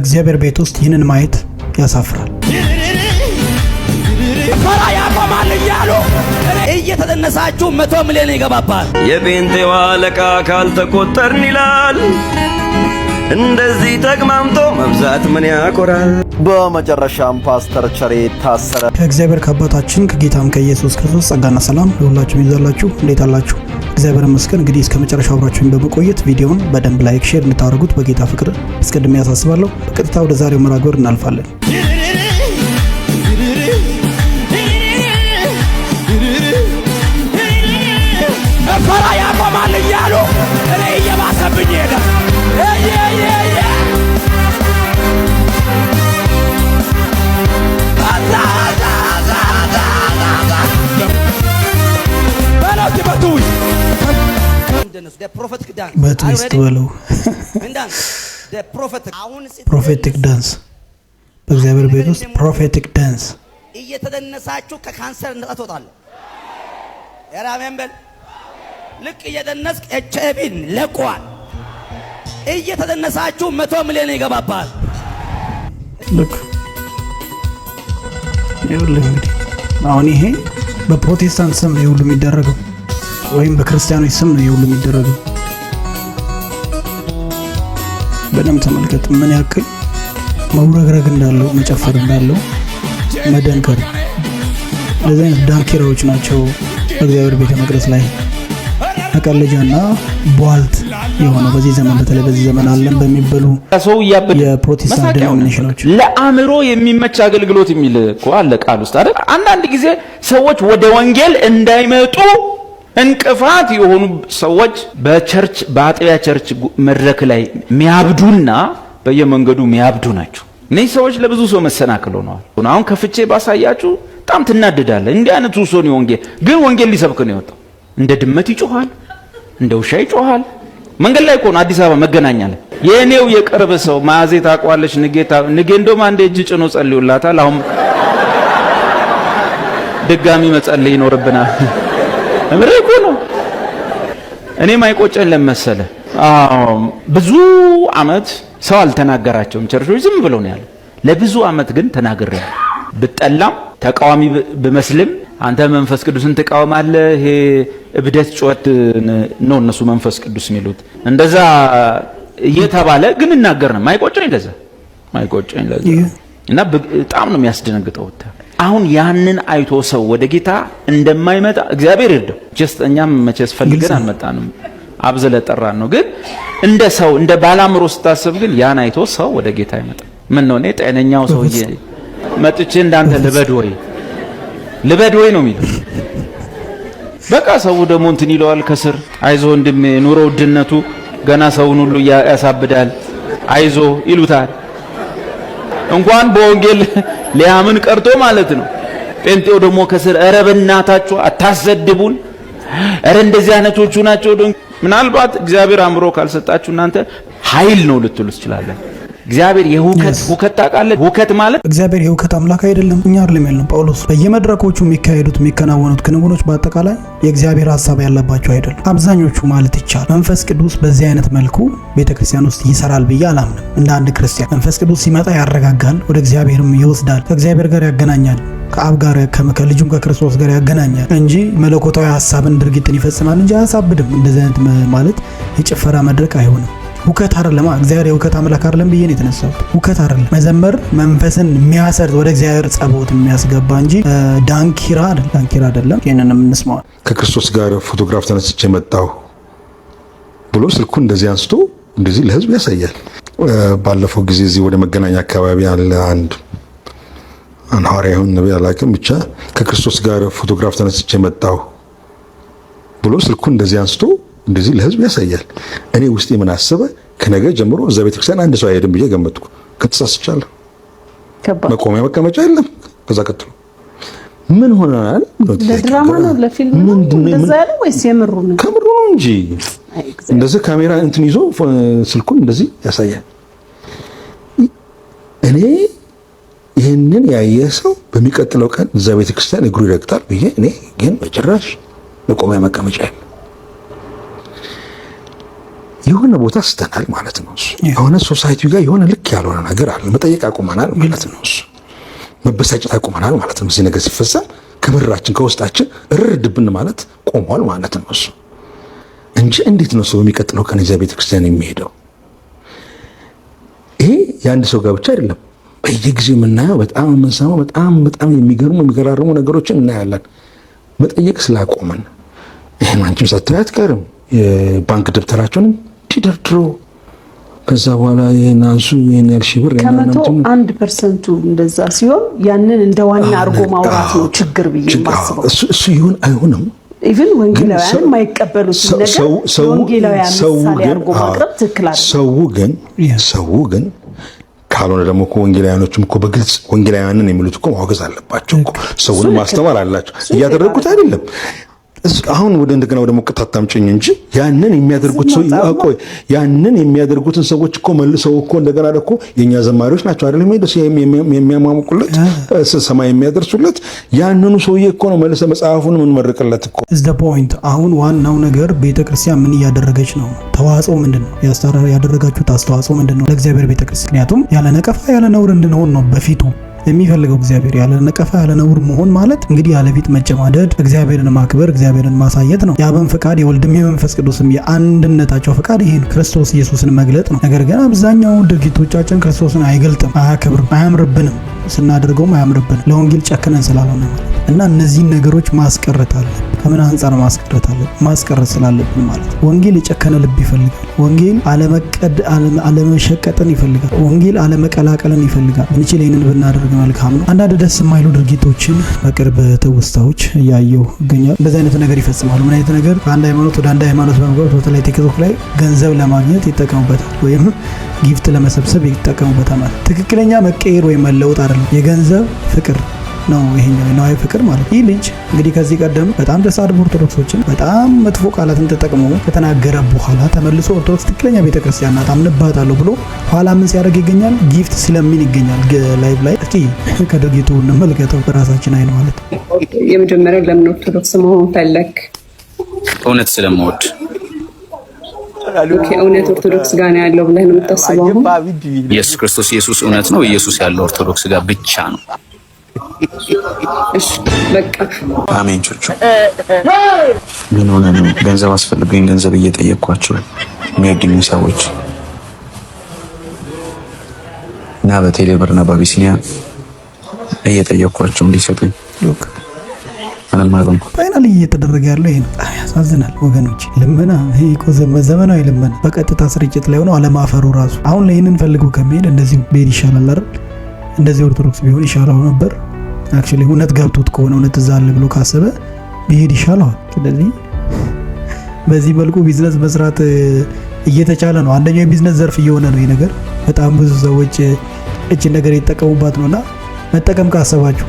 በእግዚአብሔር ቤት ውስጥ ይህንን ማየት ያሳፍራል። ፈራ ያቆማል እያሉ እየተጠነሳችሁ መቶ ሚሊዮን ይገባባል። የጴንጤዋ አለቃ ካልተቆጠርን ይላል። እንደዚህ ተግማምቶ መብዛት ምን ያኮራል? በመጨረሻም ፓስተር ቸሬ ታሰረ። ከእግዚአብሔር ከአባታችን ከጌታም ከኢየሱስ ክርስቶስ ጸጋና ሰላም ለሁላችሁም ይዛላችሁ። እንዴት አላችሁ? እግዚአብሔር ይመስገን። እንግዲህ እስከ መጨረሻው አብራችሁን በመቆየት ቪዲዮውን በደንብ ላይክ፣ ሼር እንድታደርጉት በጌታ ፍቅር አስቀድሜ ያሳስባለሁ። በቀጥታ ወደ ዛሬው መርሃ እናልፋለን። ፈራ ያቆማል እያሉ እኔ እየባሰብኝ ሄዳ በትዊስት በለው ፕሮፌቲክ ዳንስ በእግዚአብሔር ቤት ውስጥ ፕሮፌቲክ ዳንስ እየተደነሳችሁ ከካንሰር ነጻ ትወጣለህ። የራሜን በል ልክ እየደነስክ ኤች አይ ቪን ለቋል። እየተደነሳችሁ መቶ ሚሊዮን ይገባባል። ልክ ይኸውልህ እንግዲህ አሁን ይሄ በፕሮቴስታንት ስም ይሁሉ የሚደረገው ወይም በክርስቲያኖች ስም ነው የሁሉ የሚደረገው። በደንብ ተመልከት፣ ምን ያክል መውረግረግ እንዳለው፣ መጨፈር እንዳለው፣ መደንከር። እንደዚህ አይነት ዳንኪራዎች ናቸው በእግዚአብሔር ቤተ መቅደስ ላይ መቀለጃና ቧልት የሆነ በዚህ ዘመን በተለይ በዚህ ዘመን አለን በሚበሉ ሰው ያበደ የፕሮቴስታንት ዲኖሚኔሽኖች ለአእምሮ የሚመች አገልግሎት የሚል እኮ አለ ቃል ውስጥ አይደል? አንዳንድ ጊዜ ሰዎች ወደ ወንጌል እንዳይመጡ እንቅፋት የሆኑ ሰዎች በቸርች በአጥቢያ ቸርች መድረክ ላይ ሚያብዱና በየመንገዱ ሚያብዱ ናቸው። እነዚህ ሰዎች ለብዙ ሰው መሰናክል ሆነዋል። አሁን ከፍቼ ባሳያችሁ በጣም ትናደዳለ። እንዲህ አይነቱ ሰው ነው ወንጌል ግን ወንጌል ሊሰብክ ነው የወጣው። እንደ ድመት ይጮኋል እንደ ውሻ ይጮኋል። መንገድ ላይ ከሆነ አዲስ አበባ መገናኛለ የእኔው የቅርብ ሰው ማዜ ታቋለች። ንጌታ ንጌ እንደውም አንድ እጅ ጭኖ ጸልዩላታል። አሁን ድጋሚ መጸልይ ይኖርብናል። እኔም አይቆጨለም ለመሰለ ብዙ አመት ሰው አልተናገራቸውም፣ ቸርቾች ዝም ብሎ ነው ያለ። ለብዙ አመት ግን ተናግሬ ብጠላም ተቃዋሚ ብመስልም አንተ መንፈስ ቅዱስን ትቃወማለህ፣ ይሄ እብደት ጩኸት ነው እነሱ መንፈስ ቅዱስ የሚሉት እንደዛ እየተባለ ግን እናገር ነው። ማይቆጨኝ ለዛ ማይቆጨኝ ለዛ እና በጣም ነው የሚያስደነግጠው። ወታ አሁን ያንን አይቶ ሰው ወደ ጌታ እንደማይመጣ እግዚአብሔር ይርዳው። ጀስት እኛም መቼስ ፈልገን አልመጣንም፣ አብዝለ ጠራን ነው። ግን እንደ ሰው እንደ ባላምሮ ስታስብ ግን ያን አይቶ ሰው ወደ ጌታ አይመጣ። ምን ነው እኔ ጤነኛው ሰውዬ መጥቼ እንዳንተ ልበድ ወይ ልበድ ወይ ነው የሚለው። በቃ ሰው ደግሞ እንትን ይለዋል ከስር አይዞ ወንድሜ፣ ኑሮ ውድነቱ ገና ሰውን ሁሉ ያሳብዳል አይዞ ይሉታል። እንኳን በወንጌል ሊያምን ቀርቶ ማለት ነው። ጴንጤው ደግሞ ከስር ኧረ በእናታችሁ አታሰድቡን፣ እረ እንደዚህ አይነቶቹ ናቸው። ምናልባት እግዚአብሔር አእምሮ ካልሰጣችሁ እናንተ ኃይል ነው ልትሉ ትችላለን። እግዚአብሔር የሁከት ሁከት ታውቃለህ? ሁከት ማለት እግዚአብሔር የሁከት አምላክ አይደለም። እኛ አይደለም ያለው ጳውሎስ በየመድረኮቹ የሚካሄዱት የሚከናወኑት ክንውኖች በአጠቃላይ የእግዚአብሔር ሀሳብ ያለባቸው አይደለም። አብዛኞቹ ማለት ይቻላል መንፈስ ቅዱስ በዚህ አይነት መልኩ ቤተክርስቲያን ውስጥ ይሰራል ብዬ አላምንም። እንደ አንድ ክርስቲያን መንፈስ ቅዱስ ሲመጣ ያረጋጋል፣ ወደ እግዚአብሔርም ይወስዳል፣ ከእግዚአብሔር ጋር ያገናኛል ከአብ ጋር ከልጁም ከክርስቶስ ጋር ያገናኛል እንጂ መለኮታዊ ሀሳብን ድርጊትን ይፈጽማል እንጂ አያሳብድም። እንደዚህ አይነት ማለት የጭፈራ መድረክ አይሆንም። ውከት አይደለም። እግዚአብሔር የውከት አምላክ አይደለም ብዬ ነው የተነሳው። ውከት አይደለም። መዘመር መንፈስን የሚያሰርት ወደ እግዚአብሔር ጸቦት የሚያስገባ እንጂ ዳንኪራ አይደለም፣ ዳንኪራ አይደለም። ይህንን የምንስማዋል። ከክርስቶስ ጋር ፎቶግራፍ ተነስቼ መጣሁ ብሎ ስልኩ እንደዚህ አንስቶ እንደዚህ ለህዝብ ያሳያል። ባለፈው ጊዜ እዚህ ወደ መገናኛ አካባቢ ያለ አንድ ሐዋርያ ይሁን ነቢይ አላውቅም፣ ብቻ ከክርስቶስ ጋር ፎቶግራፍ ተነስቼ መጣሁ ብሎ ስልኩ እንደዚህ አንስቶ እንደዚህ ለህዝብ ያሳያል። እኔ ውስጤ ምን አሰበ? ከነገ ጀምሮ እዛ ቤተክርስቲያን አንድ ሰው አይሄድም ብዬ ገመትኩ። ከተሳስቻለሁ። መቆሚያ መቀመጫ የለም። ከዛ ቀጥሎ ምን ሆናል? ለድራማ ነው ለፊልም ነው እንደዛ ወይስ የምሩ ነው? ከምሩ ነው እንጂ እንደዚህ ካሜራ እንትን ይዞ ስልኩን እንደዚህ ያሳያል። እኔ ይህንን ያየ ሰው በሚቀጥለው ቀን እዛ ቤተክርስቲያን እግሩ ይረግጣል ብዬ እኔ ግን በጭራሽ መቆሚያ መቀመጫ የለም። የሆነ ቦታ ስተናል ማለት ነው። እሱ የሆነ ሶሳይቲ ጋር የሆነ ልክ ያልሆነ ነገር አለ። መጠየቅ አቁመናል ማለት ነው። እሱ መበሳጨት አቁመናል ማለት ነው። እዚህ ነገር ሲፈጸም ከምድራችን ከውስጣችን እርድብን ማለት ቆሟል ማለት ነው። እሱ እንጂ እንዴት ነው ሰው የሚቀጥለው ቀን ቤተክርስቲያን የሚሄደው? ይሄ የአንድ ሰው ጋር ብቻ አይደለም። በየጊዜው የምናየው በጣም የምንሰማው በጣም በጣም የሚገርሙ የሚገራርሙ ነገሮችን እናያለን። መጠየቅ ስላቆመን ይህን አንቺም ሳታይ አትቀርም። የባንክ ደብተራቸውንም ሺህ ደርድሮ ከዛ በኋላ ይህን አንሱ ይህን ያህል ብር ከመቶ አንድ ፐርሰንቱ እንደዛ ሲሆን ያንን እንደ ዋና አርጎ ማውራት ነው ችግር ብዬ ማስበው። እሱ ይሁን አይሁንም ኢቭን ወንጌላውያን የማይቀበሉት ነገር ወንጌላውያን ምሳሌ አድርጎ ማቅረብ ትክክል ሰው ግን ሰው ግን ካልሆነ ደግሞ እኮ ወንጌላውያኖችም እኮ በግልጽ ወንጌላውያንን የሚሉት እኮ ማውገዝ አለባቸው። ሰውን ማስተማር አላቸው። እያደረጉት አይደለም አሁን ወደ እንደገና ወደ ሞቀት አታምጪኝ እንጂ ያንን የሚያደርጉት ሰው ቆይ ያንን የሚያደርጉትን ሰዎች እኮ መልሰው እኮ እንደገና ደግሞ የእኛ ዘማሪዎች ናቸው አይደል የሚሄዱት የሚያሟሙቁለት ሰማይ የሚያደርሱለት ያንኑ ሰውዬ እኮ ነው መልሰ መጽሐፉን የምንመርቅለት እኮ ኢዝ ዘ ፖይንት። አሁን ዋናው ነገር ቤተክርስቲያን ምን እያደረገች ነው? ተዋጽኦ ምንድነው? ነው? ያደረጋችሁት አስተዋጽኦ ምንድነው ለእግዚአብሔር ቤተክርስቲያን? ምክንያቱም ያለ ነቀፋ ያለ ነውር እንድንሆን ነው በፊቱ የሚፈልገው እግዚአብሔር ያለ ነቀፋ ያለ ነውር መሆን ማለት እንግዲህ ያለ መጨማደድ እግዚአብሔርን ማክበር እግዚአብሔርን ማሳየት ነው። የአብን ፍቃድ የወልድም የመንፈስ ቅዱስም የአንድነታቸው ፍቃድ ይሄ ነው፣ ክርስቶስ ኢየሱስን መግለጥ ነው። ነገር ግን አብዛኛው ድርጊቶቻችን ክርስቶስን አይገልጥም፣ አያከብርም፣ አያምርብንም ስናደርገውም አያምርብን ለወንጌል ጨክነን ስላልሆነ ማለት እና እነዚህን ነገሮች ማስቀረት አለብን። ከምን አንጻር ማስቀረት አለብን? ማስቀረት ስላለብን ማለት ወንጌል የጨከነ ልብ ይፈልጋል። ወንጌል አለመሸቀጥን ይፈልጋል። ወንጌል አለመቀላቀልን ይፈልጋል። ምንችል ይህንን ብናደርግ መልካም ነው። አንዳንድ ደስ የማይሉ ድርጊቶችን በቅርብ ትውስታዎች እያየው ይገኛል። እንደዚህ አይነት ነገር ይፈጽማሉ። ምን አይነት ነገር? ከአንድ ሃይማኖት ወደ አንድ ሃይማኖት በመግባት በተለይ ቲክቶክ ላይ ገንዘብ ለማግኘት ይጠቀሙበታል ወይም ጊፍት ለመሰብሰብ ይጠቀሙበታል። ትክክለኛ መቀየር ወይም መለወጥ አይደለም። የገንዘብ ፍቅር ነው ይሄኛው የነዋይ ፍቅር ማለት ይህ ልጅ እንግዲህ ከዚህ ቀደም በጣም ደሳድ ኦርቶዶክሶችን በጣም መጥፎ ቃላትን ተጠቅሞ ከተናገረ በኋላ ተመልሶ ኦርቶዶክስ ትክክለኛ ቤተክርስቲያን ናት አምንባታለሁ ብሎ ኋላ ምን ሲያደርግ ይገኛል? ጊፍት ስለምን ይገኛል። ላይቭ ላይ እስኪ ከድርጊቱ እንመልከተው በራሳችን አይን ማለት የመጀመሪያው ለምን ኦርቶዶክስ መሆን ፈለግ? እውነት ስለምወድ እውነት ኦርቶዶክስ ጋር ነው ያለው ብለህ ነው የምታስበው? ኢየሱስ ክርስቶስ ኢየሱስ እውነት ነው። ኢየሱስ ያለው ኦርቶዶክስ ጋር ብቻ ነው። አሜንቾቹ ምን ሆነ ነው? ገንዘብ አስፈልገኝ ገንዘብ እየጠየኳቸው የሚያድኙ ሰዎች እና በቴሌብር እና በአቢሲኒያ እየጠየቅኳቸው እንዲሰጡኝ ፋይናል እየተደረገ ያለው ይሄ ነው። በጣም ያሳዝናል ወገኖች። ልመና ይሄ እኮ ዘመናዊ ልመና በቀጥታ ስርጭት ላይ ሆኖ አለማፈሩ ራሱ አሁን ላይ ይህንን ፈልጎ ከመሄድ እንደዚህ ብሄድ ይሻላል አይደል? እንደዚህ ኦርቶዶክስ ቢሆን ይሻላል ነበር። አክቹሊ እውነት ገብቶት ከሆነ እውነት እዛ አለ ብሎ ካሰበ ቢሄድ ይሻለዋል። ስለዚህ በዚህ መልኩ ቢዝነስ መስራት እየተቻለ ነው። አንደኛው የቢዝነስ ዘርፍ እየሆነ ነው። ይህ ነገር በጣም ብዙ ሰዎች እችን ነገር የተጠቀሙባት ነው እና መጠቀም ካሰባችሁ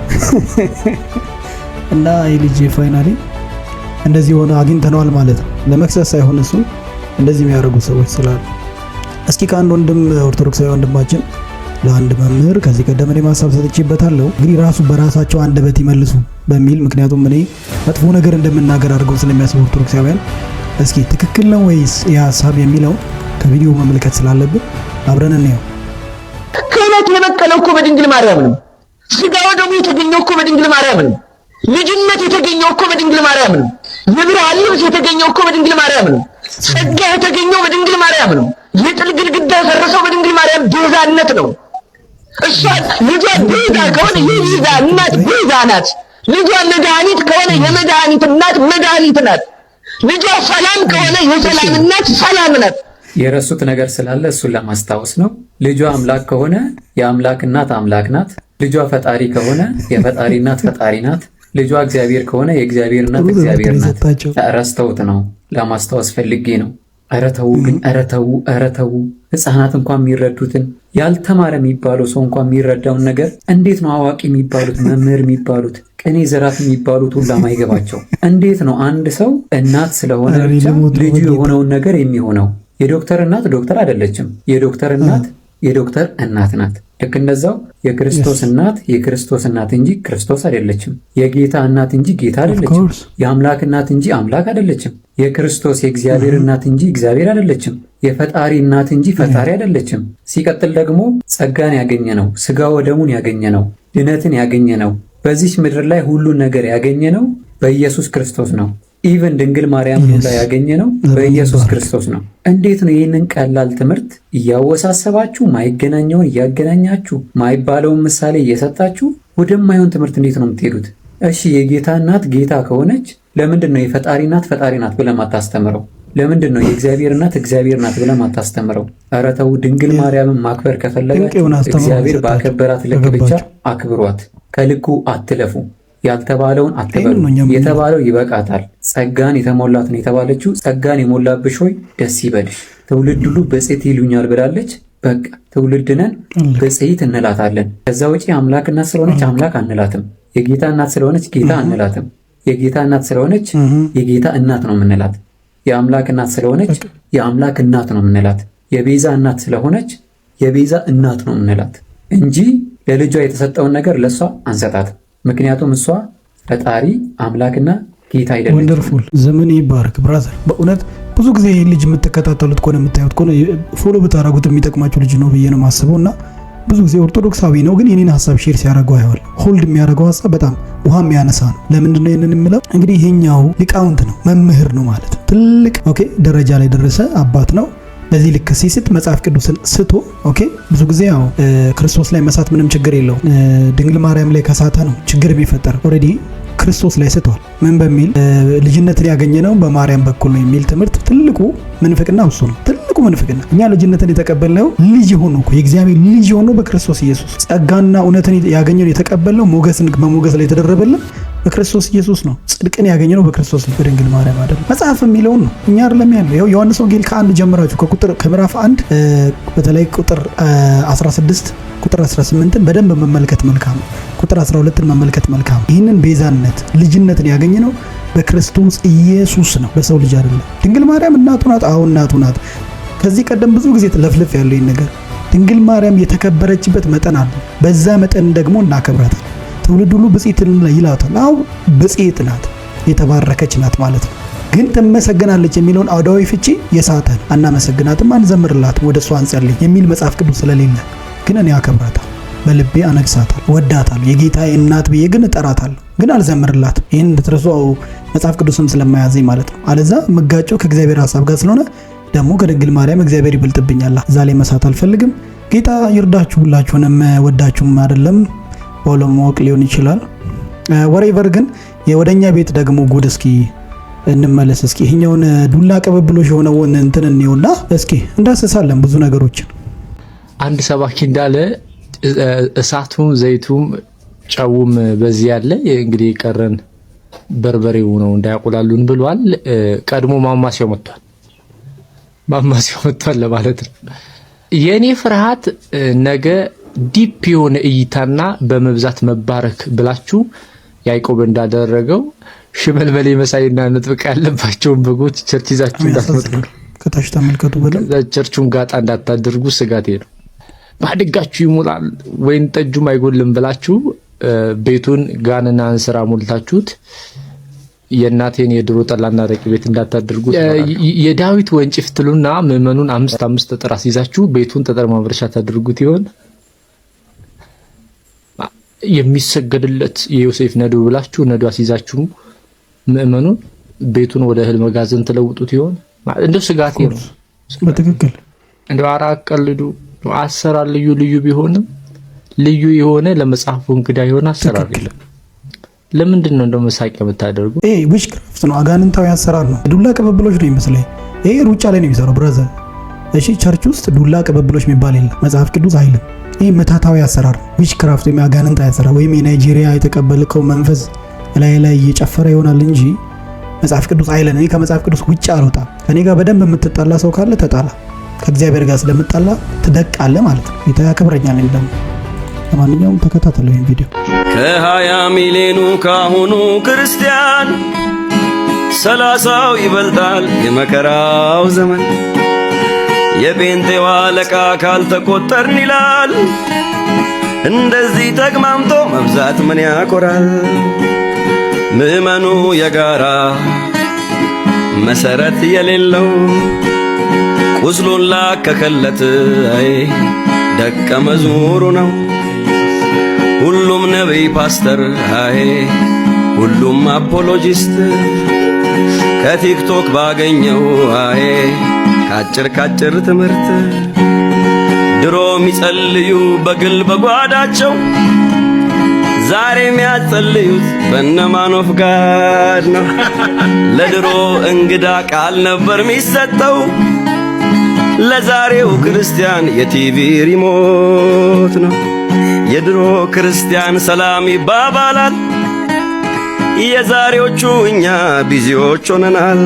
እና ይህ ልጅ ፋይናሊ እንደዚህ ሆነ አግኝተነዋል ማለት ነው። ለመክሰስ ሳይሆን እሱ እንደዚህ የሚያደርጉ ሰዎች ስላሉ እስኪ ከአንድ ወንድም ኦርቶዶክሳዊ ወንድማችን ለአንድ መምህር ከዚህ ቀደም እኔም ሀሳብ ሰጥቼበታለሁ። እንግዲህ ራሱ በራሳቸው አንደበት ይመልሱ በሚል ምክንያቱም እኔ መጥፎ ነገር እንደምናገር አድርገው ስለሚያስቡ ኦርቶዶክሳውያን፣ እስኪ ትክክል ነው ወይስ ሀሳብ የሚለው ከቪዲዮ መመልከት ስላለብን አብረን እንየው። ክህነት የበቀለው እኮ በድንግል ማርያም ነው። ስጋው ደግሞ የተገኘው እኮ በድንግል ማርያም ነው። ልጅነት የተገኘው እኮ በድንግል ማርያም ነው። የብርሃን ልብስ የተገኘው እኮ በድንግል ማርያም ነው። ጸጋ የተገኘው በድንግል ማርያም ነው። የጥል ግድግዳ የፈረሰው በድንግል ማርያም ቤዛነት ነው። እሷ ልጇ ቤዛ ከሆነ የቤዛ እናት ቤዛ ናት። ልጇ መድኃኒት ከሆነ የመድኃኒት እናት መድኃኒት ናት። ልጇ ሰላም ከሆነ የሰላም እናት ሰላም ናት። የረሱት ነገር ስላለ እሱን ለማስታወስ ነው። ልጇ አምላክ ከሆነ የአምላክ እናት አምላክ ናት። ልጇ ፈጣሪ ከሆነ የፈጣሪ እናት ፈጣሪ ናት። ልጇ እግዚአብሔር ከሆነ የእግዚአብሔር እናት እግዚአብሔር ናት። ረስተውት ነው ለማስታወስ ፈልጌ ነው። ኧረ ተው ግን ኧረ ተው ኧረ ተው ህፃናት እንኳን የሚረዱትን ያልተማረ የሚባለው ሰው እንኳን የሚረዳውን ነገር እንዴት ነው አዋቂ የሚባሉት መምህር የሚባሉት ቅኔ ዘራት የሚባሉት ሁላ ማይገባቸው? እንዴት ነው አንድ ሰው እናት ስለሆነ ልጁ የሆነውን ነገር የሚሆነው? የዶክተር እናት ዶክተር አይደለችም። የዶክተር እናት የዶክተር እናት ናት። ልክ እንደዛው የክርስቶስ እናት የክርስቶስ እናት እንጂ ክርስቶስ አይደለችም። የጌታ እናት እንጂ ጌታ አይደለችም። የአምላክ እናት እንጂ አምላክ አይደለችም። የክርስቶስ የእግዚአብሔር እናት እንጂ እግዚአብሔር አይደለችም። የፈጣሪ እናት እንጂ ፈጣሪ አይደለችም። ሲቀጥል ደግሞ ጸጋን ያገኘ ነው፣ ስጋ ወደሙን ያገኘ ነው፣ ድነትን ያገኘ ነው፣ በዚች ምድር ላይ ሁሉን ነገር ያገኘ ነው በኢየሱስ ክርስቶስ ነው። ኢቨን ድንግል ማርያም ላይ ያገኘ ነው በኢየሱስ ክርስቶስ ነው። እንዴት ነው ይህንን ቀላል ትምህርት እያወሳሰባችሁ ማይገናኘውን እያገናኛችሁ ማይባለውን ምሳሌ እየሰጣችሁ ወደማይሆን ትምህርት እንዴት ነው የምትሄዱት? እሺ የጌታ እናት ጌታ ከሆነች ለምንድን ነው የፈጣሪ ናት ፈጣሪ ናት ብለህ ማታስተምረው? ለምንድን ነው የእግዚአብሔር እናት እግዚአብሔር ናት ብለህ ማታስተምረው? ኧረ ተው። ድንግል ማርያምን ማክበር ከፈለጋችሁ እግዚአብሔር ባከበራት ልክ ብቻ አክብሯት፣ ከልኩ አትለፉ። ያልተባለውን አትበሉ፣ የተባለው ይበቃታል። ጸጋን የተሞላት ነው የተባለችው። ጸጋን የሞላብሽ ሆይ ደስ ይበልሽ፣ ትውልድ ሁሉ ብፅዕት ይሉኛል ብላለች። በቃ ትውልድ ነን ብፅዕት እንላታለን። ከዛ ውጪ አምላክ እናት ስለሆነች አምላክ አንላትም። የጌታ እናት ስለሆነች ጌታ አንላትም። የጌታ እናት ስለሆነች የጌታ እናት ነው የምንላት። የአምላክ እናት ስለሆነች የአምላክ እናት ነው የምንላት። የቤዛ እናት ስለሆነች የቤዛ እናት ነው የምንላት እንጂ ለልጇ የተሰጠውን ነገር ለእሷ አንሰጣት። ምክንያቱም እሷ ፈጣሪ አምላክና ጌታ አይደለም። ወንደርፉል ዘመን ይባርክ ብራዘር። በእውነት ብዙ ጊዜ ልጅ የምትከታተሉት ከሆነ የምታዩት ከሆነ ፎሎ ብታረጉት የሚጠቅማችሁ ልጅ ነው ብዬ ነው ማስበው እና ብዙ ጊዜ ኦርቶዶክሳዊ ነው፣ ግን የኔን ሀሳብ ሼር ሲያደርገው አይዋል ሆልድ የሚያደርገው ሀሳብ በጣም ውሃ የሚያነሳ ነው። ለምንድን ነው ይህንን የምለው? እንግዲህ ይሄኛው ሊቃውንት ነው፣ መምህር ነው ማለት ነው። ትልቅ ኦኬ ደረጃ ላይ ደረሰ አባት ነው። በዚህ ልክ ሲስት መጽሐፍ ቅዱስን ስቶ ኦኬ ብዙ ጊዜ ያው ክርስቶስ ላይ መሳት ምንም ችግር የለው? ድንግል ማርያም ላይ ከሳተ ነው ችግር የሚፈጠር ኦልሬዲ ክርስቶስ ላይ ስቷል። ምን በሚል ልጅነትን ያገኘ ነው በማርያም በኩል ነው የሚል ትምህርት ትልቁ ምንፍቅና እሱ ነው። ትልቁ ምንፍቅና እኛ ልጅነትን የተቀበልነው ልጅ ሆኖ እኮ የእግዚአብሔር ልጅ ሆኖ በክርስቶስ ኢየሱስ ጸጋና እውነትን ያገኘነው የተቀበልነው ሞገስን በሞገስ ላይ የተደረበልን በክርስቶስ ኢየሱስ ነው። ጽድቅን ያገኘነው በክርስቶስ ነው፣ በድንግል ማርያም አይደለም። መጽሐፍ የሚለውን ነው እኛ አይደለም ያለው። ያው ዮሐንስ ወንጌል ከአንድ ጀምራችሁ ከቁጥር ከምዕራፍ አንድ በተለይ ቁጥር 16 ቁጥር 18ን በደንብ መመልከት መልካም ነው። ቁጥር 12ን መመልከት መልካም። ይህንን ቤዛነት ልጅነትን ያገኘ ነው በክርስቶስ ኢየሱስ ነው፣ በሰው ልጅ አይደለም። ድንግል ማርያም እናቱ ናት። አዎ እናቱ ናት። ከዚህ ቀደም ብዙ ጊዜ ለፍለፍ ያለው ይህን ነገር ድንግል ማርያም የተከበረችበት መጠን አለ። በዛ መጠን ደግሞ እናከብራታል። ትውልድ ሁሉ ብጽዕት ይላታል። አሁ ብጽዕት ናት፣ የተባረከች ናት ማለት ነው። ግን ትመሰገናለች የሚለውን አውዳዊ ፍቺ የሳተን አናመሰግናትም፣ አንዘምርላትም፣ ወደ እሷ አንጸልይ የሚል መጽሐፍ ቅዱስ ስለሌለ ግን እኔ አከብራታል በልቤ አነግሳታል፣ ወዳታል፣ የጌታዬ እናት ብዬ ግን እጠራታለሁ፣ ግን አልዘምርላት። ይህን እንድትረሱ መጽሐፍ ቅዱስም ስለማያዘኝ ማለት ነው። አለዛ መጋጨው ከእግዚአብሔር ሀሳብ ጋር ስለሆነ ደግሞ ከድንግል ማርያም እግዚአብሔር ይበልጥብኛል። እዛ ላይ መሳት አልፈልግም። ጌታ ይርዳችሁ። ሁላችሁንም ወዳችሁም አይደለም በኋላ ሊሆን ይችላል። ወሬቨር ግን ወደኛ ቤት ደግሞ ጉድ እስኪ እንመለስ እስኪ ይህኛውን ዱላ ቅብብሎሽ የሆነውን እንትን እንየውና እስኪ እንዳስሳለን ብዙ ነገሮችን አንድ ሰባኪ እንዳለ እሳቱም ዘይቱም ጨውም በዚህ ያለ እንግዲህ የቀረን በርበሬው ነው እንዳያቆላሉን ብሏል። ቀድሞ ማማሲያው መጥቷል፣ ማማሲያው መጥቷል ለማለት ነው። የእኔ ፍርሃት ነገ ዲፕ የሆነ እይታና በመብዛት መባረክ ብላችሁ ያይቆብ እንዳደረገው ሽመልመሌ መሳይና ንጥብቅ ያለባቸውን በጎች ቸርች ይዛችሁ እንዳትመጡ፣ ከታች ተመልከቱ ብለን ቸርቹን ጋጣ እንዳታደርጉ ስጋቴ ነው። ባድጋችሁ ይሞላል ወይን ጠጁም አይጎልም ብላችሁ ቤቱን ጋንና እንስራ ሞልታችሁት የእናቴን የድሮ ጠላና አረቄ ቤት እንዳታደርጉት የዳዊት ወንጭፍ ትሉና ምዕመኑን አምስት አምስት ጠጠር አስይዛችሁ ቤቱን ጠጠር ማምረሻ ታደርጉት ይሆን? የሚሰገድለት የዮሴፍ ነዶ ብላችሁ ነዶ አስይዛችሁ ምዕመኑን ቤቱን ወደ እህል መጋዘን ትለውጡት ይሆን? እንደው ስጋቴ ነው። በትክክል እንደው አራቀልዱ አሰራር ልዩ ልዩ ቢሆንም ልዩ የሆነ ለመጽሐፉ እንግዳ የሆነ አሰራር የለም። ለምንድን ነው እንደ መሳቂ የምታደርጉ? ይሄ ዊችክራፍት ነው፣ አጋንንታዊ አሰራር ነው። ዱላ ቅብብሎች ነው ይመስለኝ። ይሄ ሩጫ ላይ ነው የሚሰራው ብራዘር። እሺ ቸርች ውስጥ ዱላ ቅብብሎች የሚባል የለ መጽሐፍ ቅዱስ አይልም። ይህ መታታዊ አሰራር ነው፣ ዊችክራፍት ወይም አጋንንታዊ አሰራር ወይም የናይጄሪያ የተቀበልከው መንፈስ ላይ ላይ እየጨፈረ ይሆናል እንጂ መጽሐፍ ቅዱስ አይለን። እኔ ከመጽሐፍ ቅዱስ ውጭ አልወጣም። ከኔ ጋር በደንብ የምትጣላ ሰው ካለ ተጣላ። ከእግዚአብሔር ጋር ስለምጣላ ትደቃለ ማለት ነው። ጌታ ያከብረኛል ደግሞ ለማንኛውም ተከታተሉ ይህን ቪዲዮ። ከሀያ ሚሊዮኑ ካሁኑ ክርስቲያን ሰላሳው ይበልጣል የመከራው ዘመን የጴንጤዋ አለቃ ካልተቆጠርን ይላል። እንደዚህ ተግማምቶ መብዛት ምን ያኮራል? ምዕመኑ የጋራ መሰረት የሌለው ውስሉን ላከከለት ደቀ መዝሙሩ ነው። ሁሉም ነቢይ ፓስተር አይ ሁሉም አፖሎጂስት ከቲክቶክ ባገኘው አይ ካጭር ካጭር ትምህርት ድሮ የሚጸልዩ በግል በጓዳቸው ዛሬ የሚያጸልዩት በነማኖፍ ጋድ ነው። ለድሮ እንግዳ ቃል ነበር የሚሰጠው ለዛሬው ክርስቲያን የቲቪ ሪሞት ነው። የድሮ ክርስቲያን ሰላም ይባባላል። የዛሬዎቹ እኛ ቢዚዎች ሆነናል።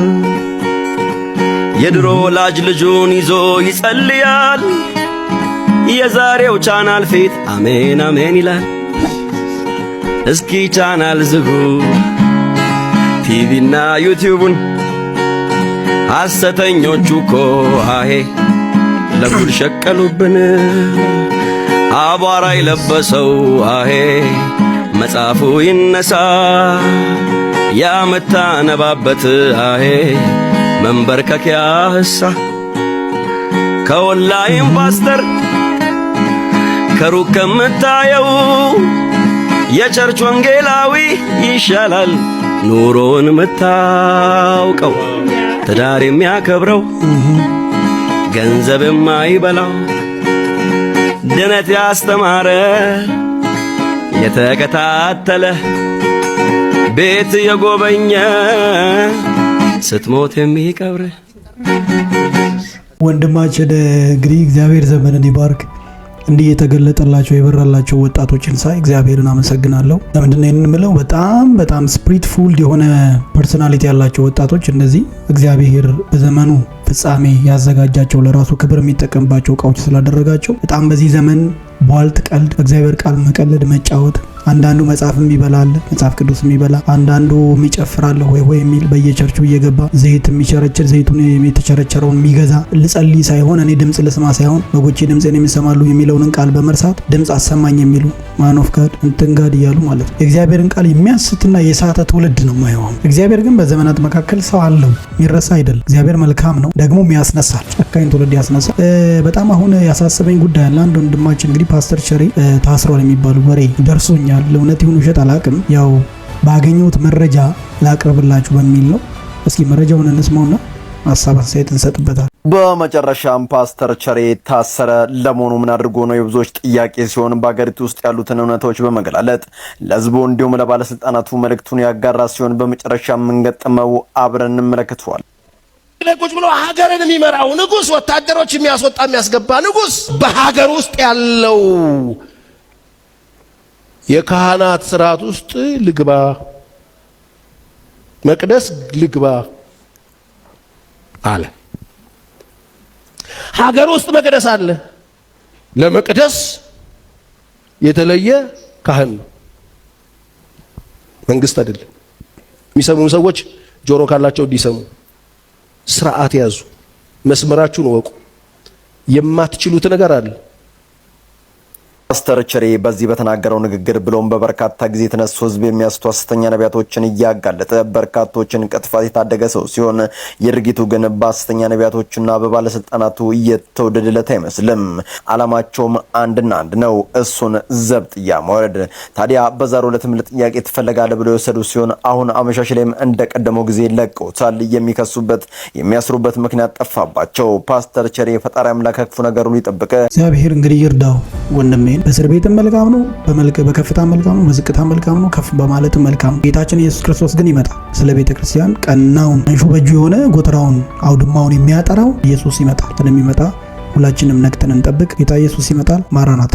የድሮ ወላጅ ልጁን ይዞ ይጸልያል። የዛሬው ቻናል ፊት አሜን አሜን ይላል። እስኪ ቻናል ዝጉ ቲቪና ዩቲዩቡን ሐሰተኞቹ እኮ አሄ ለጉድ ሸቀሉብን አቧራ የለበሰው አሄ መጽሐፉ ይነሳ ነባበት አሄ መንበርከኪያ ህሳ ከወላይም ፓስተር ከሩቅ ከምታየው የቸርች ወንጌላዊ ይሻላል ኑሮን ምታውቀው ትዳር የሚያከብረው ገንዘብ የማይበላው ድነት ያስተማረ የተከታተለ ቤት የጎበኘ ስትሞት የሚቀብር ወንድማችን እንግዲህ እግዚአብሔር ዘመንን ይባርክ። እንዲህ የተገለጠላቸው የበራላቸው ወጣቶችን ሳይ እግዚአብሔርን አመሰግናለሁ። ለምንድነው ነው ይህንን በጣም በጣም ስፕሪት ፉልድ የሆነ ፐርሶናሊቲ ያላቸው ወጣቶች እነዚህ እግዚአብሔር በዘመኑ ፍጻሜ ያዘጋጃቸው ለራሱ ክብር የሚጠቀምባቸው እቃዎች ስላደረጋቸው በጣም በዚህ ዘመን ቧልት፣ ቀልድ፣ እግዚአብሔር ቃል መቀለድ፣ መጫወት አንዳንዱ መጽሐፍ የሚበላል መጽሐፍ ቅዱስ የሚበላ አንዳንዱ የሚጨፍራል ወይ ወይ የሚል በየቸርቹ እየገባ ዘይት የሚቸረችር ዘይቱን የተቸረቸረውን የሚገዛ ልጸልይ ሳይሆን እኔ ድምፅ ልስማ ሳይሆን በጎቼ ድምፅን የሚሰማሉ የሚለውንን ቃል በመርሳት ድምፅ አሰማኝ የሚሉ ማን ኦፍ ጋድ እንትን ጋድ እያሉ ማለት ነው። የእግዚአብሔርን ቃል የሚያስትና የሳተ ትውልድ ነው ማየው። እግዚአብሔር ግን በዘመናት መካከል ሰው አለው የሚረሳ አይደለም። እግዚአብሔር መልካም ነው ደግሞ ያስነሳል። ጨካኝ ትውልድ ያስነሳል። በጣም አሁን ያሳሰበኝ ጉዳይ አለ። አንድ ወንድማችን እንግዲህ እንግዲህ ፓስተር ቸሪ ታስሯል የሚባሉ ወሬ ደርሶኛል። ለእውነት ይሁን ውሸት አላቅም። ያው ባገኘሁት መረጃ ላቅርብላችሁ በሚል ነው። እስኪ መረጃውን እንስማውና ሀሳብ አስተያየት እንሰጥበታል። በመጨረሻም ፓስተር ቸሬ ታሰረ። ለመሆኑ ምን አድርጎ ነው የብዙዎች ጥያቄ ሲሆን በሀገሪቱ ውስጥ ያሉትን እውነታዎች በመገላለጥ ለህዝቡ እንዲሁም ለባለስልጣናቱ መልእክቱን ያጋራ ሲሆን በመጨረሻ የምንገጥመው አብረን እንመለከተዋል። ቁጭ ብሎ ሀገርን የሚመራው ንጉስ ወታደሮች የሚያስወጣ የሚያስገባ ንጉስ በሀገር ውስጥ ያለው የካህናት ስርዓት ውስጥ ልግባ፣ መቅደስ ልግባ አለ። ሀገር ውስጥ መቅደስ አለ። ለመቅደስ የተለየ ካህን ነው፣ መንግስት አይደለም። የሚሰሙ ሰዎች ጆሮ ካላቸው እንዲሰሙ ስርዓት ያዙ። መስመራችሁን ወቁ። የማትችሉት ነገር አለ ፓስተር ቸሬ በዚህ በተናገረው ንግግር ብሎም በበርካታ ጊዜ የተነሱ ህዝብ የሚያስቱ ሐሰተኛ ነቢያቶችን እያጋለጠ በርካቶችን ቅጥፋት የታደገ ሰው ሲሆን የድርጊቱ ግን በሐሰተኛ ነቢያቶችና በባለስልጣናቱ እየተወደደለት አይመስልም። አላማቸውም አንድና አንድ ነው፣ እሱን ዘብጥያ መውረድ። ታዲያ በዛሬው ዕለትም ለጥያቄ ትፈለጋለህ ብለው የወሰዱ ሲሆን አሁን አመሻሽ ላይም እንደቀደመው ጊዜ ለቀውታል። የሚከሱበት የሚያስሩበት ምክንያት ጠፋባቸው። ፓስተር ቸሬ ፈጣሪ አምላክ ክፉ ነገሩ ይጠብቅ፣ እግዚአብሔር እንግዲህ ይርዳው ወንድሜ አሜን። በእስር ቤትም መልካም ነው፣ በከፍታ መልካም ነው፣ በዝቅታ መልካም ነው፣ ከፍ በማለትም መልካም ነው። ጌታችን ኢየሱስ ክርስቶስ ግን ይመጣል። ስለ ቤተ ክርስቲያን ቀናውን አንሹ በእጁ የሆነ ጎተራውን አውድማውን የሚያጠራው ኢየሱስ ይመጣል። ስለሚመጣ ሁላችንም ነቅተን እንጠብቅ። ጌታ ኢየሱስ ይመጣል። ማራናታ